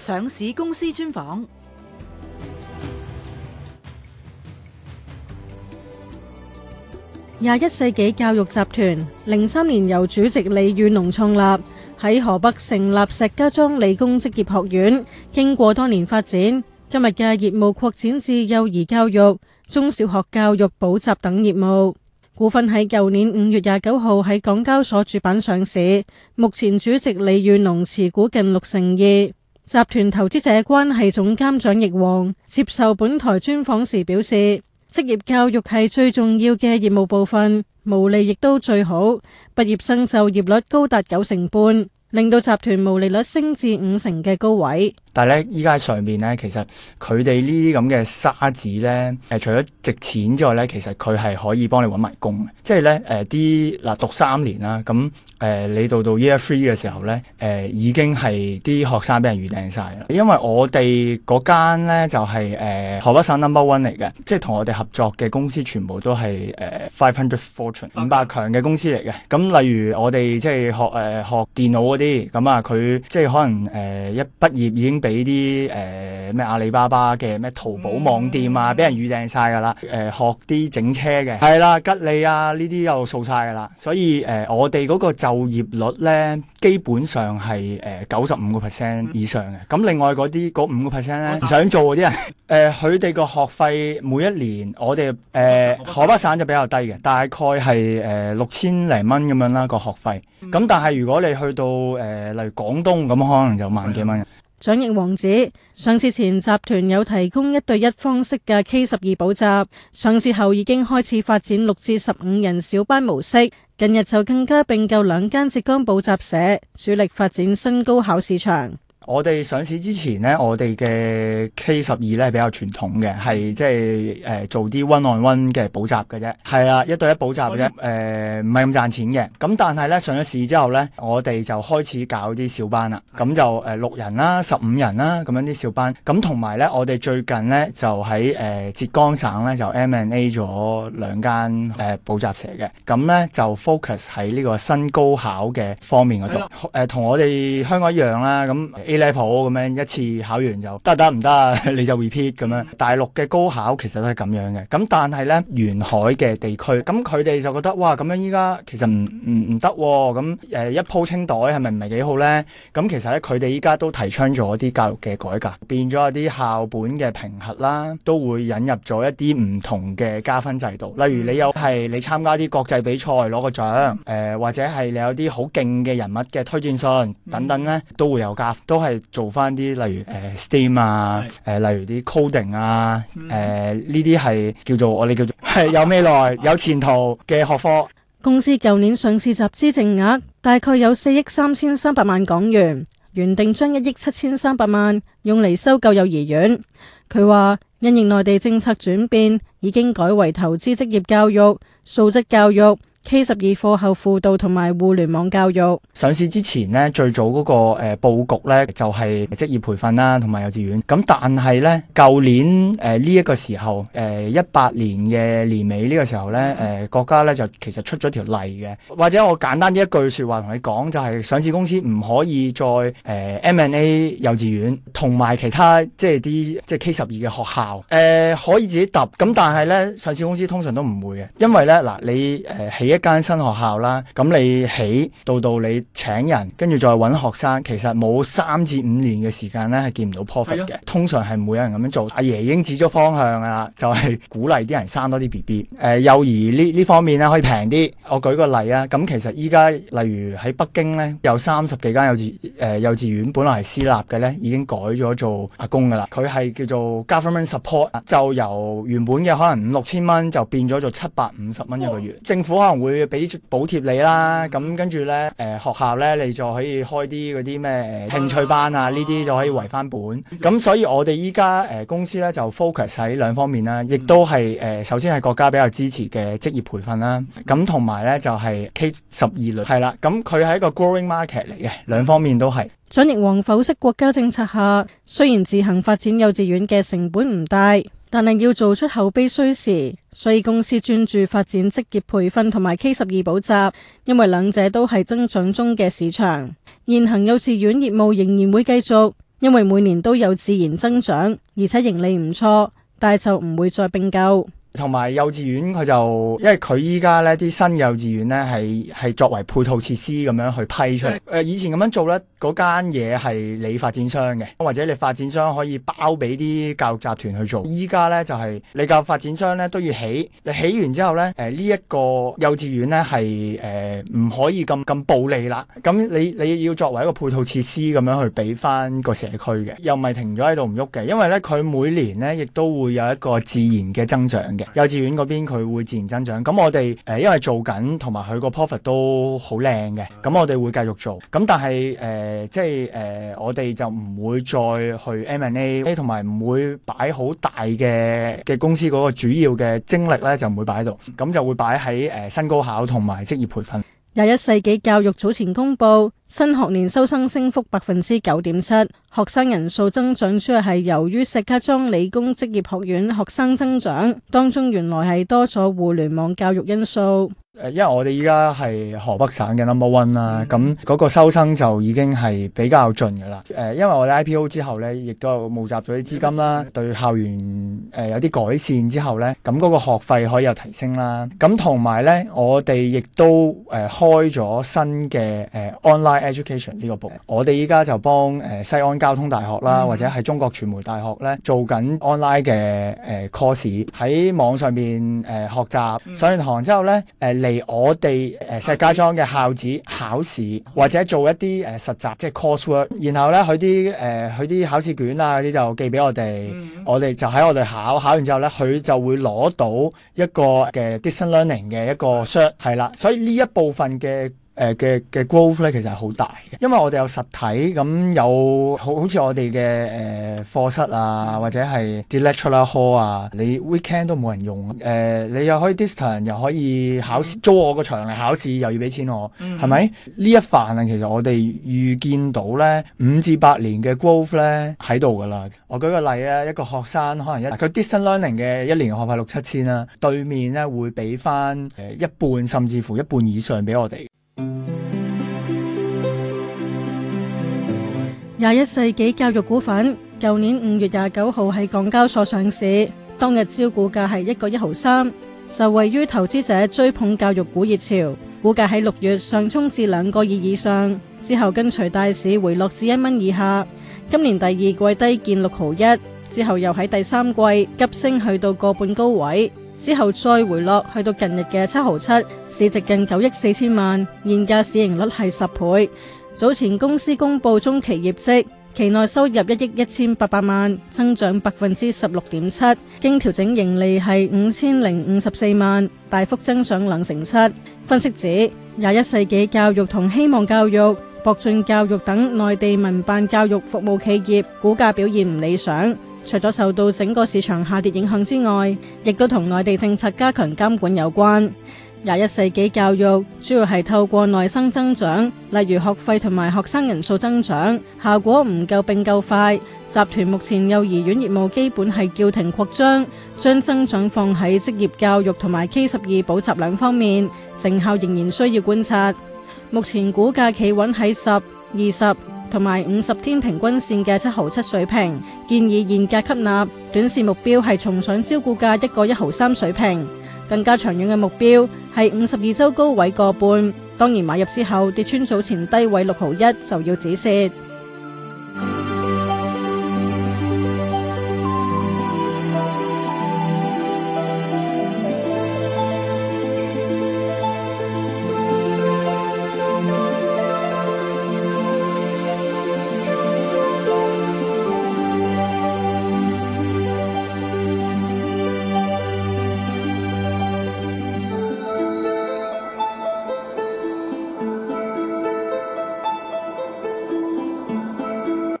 上市公司專訪。廿一世紀教育集團零三年由主席李雨濃創立，喺河北成立石家莊理工職業學院。經過多年發展，今日嘅業務擴展至幼兒教育、中小學教育補習等業務。股份喺舊年五月廿九號喺港交所主板上市。目前主席李雨濃持股近六成二。集團投資者關係總監蔣易皇接受本台專訪時表示，職業教育係最重要嘅業務部分，毛利亦都最好，畢業生就業率高達九成半，令到集團毛利率升至五成嘅高位。但係咧，依家上面咧，其實佢哋呢啲咁嘅沙子咧，誒、呃，除咗值錢之外咧，其實佢係可以幫你揾埋工嘅。即係咧，誒啲嗱讀三年啦，咁、嗯、誒、呃、你到到 year three 嘅時候咧，誒、呃、已經係啲學生俾人預定曬。因為我哋嗰間咧就係誒河北省 number one 嚟嘅，即係同我哋合作嘅公司全部都係誒 five hundred fortune 五百強嘅公司嚟嘅。咁、呃、例如我哋即係學誒、呃、學電腦嗰啲，咁啊佢即係可能誒、呃、一畢業已經。俾啲誒咩阿里巴巴嘅咩淘寶網店啊，俾人預訂晒噶啦。誒、呃，學啲整車嘅係啦，吉利啊呢啲又掃晒噶啦。所以誒、呃，我哋嗰個就業率咧，基本上係誒九十五個 percent 以上嘅。咁另外嗰啲嗰五個 percent 咧，唔想做啲人。誒、呃，佢哋個學費每一年，我哋誒、呃、河北省就比較低嘅，大概係誒、呃、六千零蚊咁樣啦個學費。咁但係如果你去到誒、呃、例如廣東咁，可能就萬幾蚊。蔣易皇指上市前集團有提供一對一方式嘅 K 十二補習，上市後已經開始發展六至十五人小班模式，近日就更加併購兩間浙江補習社，主力發展新高考市場。我哋上市之前咧，我哋嘅 K 十二咧比較傳統嘅，係即係誒做啲 one-on-one 嘅補習嘅啫。係啊，一對一補習嘅啫。誒唔係咁賺錢嘅。咁、嗯、但係咧上咗市之後咧，我哋就開始搞啲小班啦。咁、嗯、就誒六人啦、十五人啦咁樣啲小班。咁同埋咧，我哋最近咧就喺誒、呃、浙江省咧就 M and A 咗兩間誒、呃、補習社嘅。咁、嗯、咧就 focus 喺呢個新高考嘅方面嗰度。誒了、呃、同我哋香港一樣啦。咁、嗯嗯 level 咁樣一次考完就得，得唔得你就 repeat 咁樣。大陸嘅高考其實都係咁樣嘅，咁但係呢，沿海嘅地區，咁佢哋就覺得哇，咁樣依家其實唔唔唔得喎。咁誒一鋪清袋係咪唔係幾好呢？咁其實呢，佢哋依家都提倡咗啲教育嘅改革，變咗一啲校本嘅評核啦，都會引入咗一啲唔同嘅加分制度。例如你有係你參加啲國際比賽攞個獎，誒或者係你有啲好勁嘅人物嘅推薦信等等呢，都會有加分。都係做翻啲例如誒、呃、Steam 啊，誒、呃、例如啲 coding 啊，誒呢啲係叫做我哋叫做係有未來有前途嘅學科。公司舊年上市集資淨額大概有四億三千三百萬港元，原定將一億七千三百萬用嚟收購幼兒園。佢話因應內地政策轉變，已經改為投資職業教育、素質教育。K 十二課後輔導同埋互聯網教育，上市之前咧，最早嗰、那個誒布、呃、局咧就係、是、職業培訓啦，同埋幼稚園。咁但係呢，舊年誒呢一個時候，誒一八年嘅年尾呢個時候咧，誒、呃、國家呢就其實出咗條例嘅，或者我簡單一句說話同你講，就係、是、上市公司唔可以再誒、呃、M&A 幼稚園同埋其他即係啲即係 K 十二嘅學校誒、呃、可以自己揼。咁但係呢，上市公司通常都唔會嘅，因為呢，嗱你誒起一。間新學校啦，咁你起到到你請人，跟住再揾學生，其實冇三至五年嘅時間呢係見唔到 profit 嘅。的通常係唔會有人咁樣做。阿爺已經指咗方向噶啦，就係、是、鼓勵啲人生多啲 B B。誒、呃，幼兒呢呢方面呢，可以平啲。我舉個例啊，咁、嗯、其實依家例如喺北京呢，有三十幾間幼稚誒幼稚園、呃、本來係私立嘅呢已經改咗做阿公噶啦。佢係叫做 government support，就由原本嘅可能五六千蚊就變咗做七百五十蚊一個月。哦、政府可能。會俾補貼你啦，咁跟住咧，誒、呃、學校咧，你就可以開啲嗰啲咩興趣班啊，呢啲就可以維翻本。咁所以我哋依家誒公司咧就 focus 喺兩方面啦，亦都係誒、呃、首先係國家比較支持嘅職業培訓啦，咁同埋咧就係、是、K 十二類。係啦，咁佢係一個 growing market 嚟嘅，兩方面都係。蔣易皇否識國家政策下，雖然自行發展幼稚園嘅成本唔大。但係要做出口碑需時，所以公司專注發展職業培訓同埋 K 十二補習，因為兩者都係增長中嘅市場。現行幼稚園業務仍然會繼續，因為每年都有自然增長，而且盈利唔錯，但就唔會再併購。同埋幼稚園，佢就因為佢依家呢啲新幼稚園呢係係作為配套設施咁樣去批出嚟。誒、呃，以前咁樣做呢，嗰間嘢係你發展商嘅，或者你發展商可以包俾啲教育集團去做。依家呢，就係、是、你個發展商呢都要起，你起完之後呢，誒呢一個幼稚園呢係誒唔可以咁咁暴利啦。咁你你要作為一個配套設施咁樣去俾翻個社區嘅，又唔係停咗喺度唔喐嘅，因為呢，佢每年呢亦都會有一個自然嘅增長。幼稚園嗰邊佢會自然增長，咁我哋誒、呃、因為做緊同埋佢個 profit 都好靚嘅，咁我哋會繼續做，咁但係誒、呃、即係誒、呃、我哋就唔會再去 M and A，同埋唔會擺好大嘅嘅公司嗰個主要嘅精力咧就唔會擺喺度，咁就會擺喺誒、呃、新高考同埋職業培訓。廿一世紀教育早前公布。新學年收生升幅百分之九點七，學生人數增長主要係由於石家莊理工職業學院學生增長當中，原來係多咗互聯網教育因素。誒，因為我哋依家係河北省嘅 number one 啦，咁嗰個收生就已經係比較盡嘅啦。誒，因為我哋 IPO 之後咧，亦都募集咗啲資金啦，對校園誒有啲改善之後咧，咁嗰個學費可以有提升啦。咁同埋咧，我哋亦都誒開咗新嘅誒 online education 呢個部門。我哋依家就幫誒西安交通大學啦，或者係中國傳媒大學咧做緊 online 嘅誒 course 喺網上邊誒學習、嗯、上完堂之後咧，誒。嚟我哋誒石家莊嘅校址考試，或者做一啲誒實習，即係 coursework。然後咧，佢啲誒佢啲考試卷啊啲就寄俾我哋，嗯、我哋就喺我哋考，考完之後咧，佢就會攞到一個嘅 distance learning 嘅一個 cert 係啦。所以呢一部分嘅。誒嘅嘅 growth 咧，其實係好大嘅，因為我哋有實體，咁有好好似我哋嘅誒課室啊，或者係 e lecture hall 啊，你 weekend 都冇人用，誒、呃，你又可以 distance，又可以考試、嗯、租我個場嚟考試又要俾錢我，係咪、嗯？呢一塊啊，其實我哋預見到咧五至八年嘅 growth 咧喺度噶啦。我舉個例啊，一個學生可能一佢 distance learning 嘅一年學費六七千啦，000，對面咧會俾翻誒一半甚至乎一半以上俾我哋。廿一世紀教育股份，舊年五月廿九號喺港交所上市，當日招股價係一個一毫三，受惠於投資者追捧教育股熱潮，股價喺六月上沖至兩個二以上，之後跟隨大市回落至一蚊以下。今年第二季低見六毫一，之後又喺第三季急升去到個半高位，之後再回落去到近日嘅七毫七，市值近九億四千萬，現價市盈率係十倍。早前公司公布中期業績，期內收入一億一千八百萬，增長百分之十六點七，經調整盈利係五千零五十四萬，大幅增長兩成七。分析指，廿一世紀教育同希望教育、博駿教育等內地民辦教育服務企業股價表現唔理想，除咗受到整個市場下跌影響之外，亦都同內地政策加強監管有關。廿一世紀教育主要係透過內生增長，例如學費同埋學生人數增長，效果唔夠並夠快。集團目前幼兒園業務基本係叫停擴張，將增長放喺職業教育同埋 K 十二補習兩方面，成效仍然需要觀察。目前股價企穩喺十、二十同埋五十天平均線嘅七毫七水平，建議現價吸納，短線目標係重上招股價一個一毫三水平。更加長遠嘅目標係五十二週高位個半，當然買入之後跌穿早前低位六毫一就要止蝕。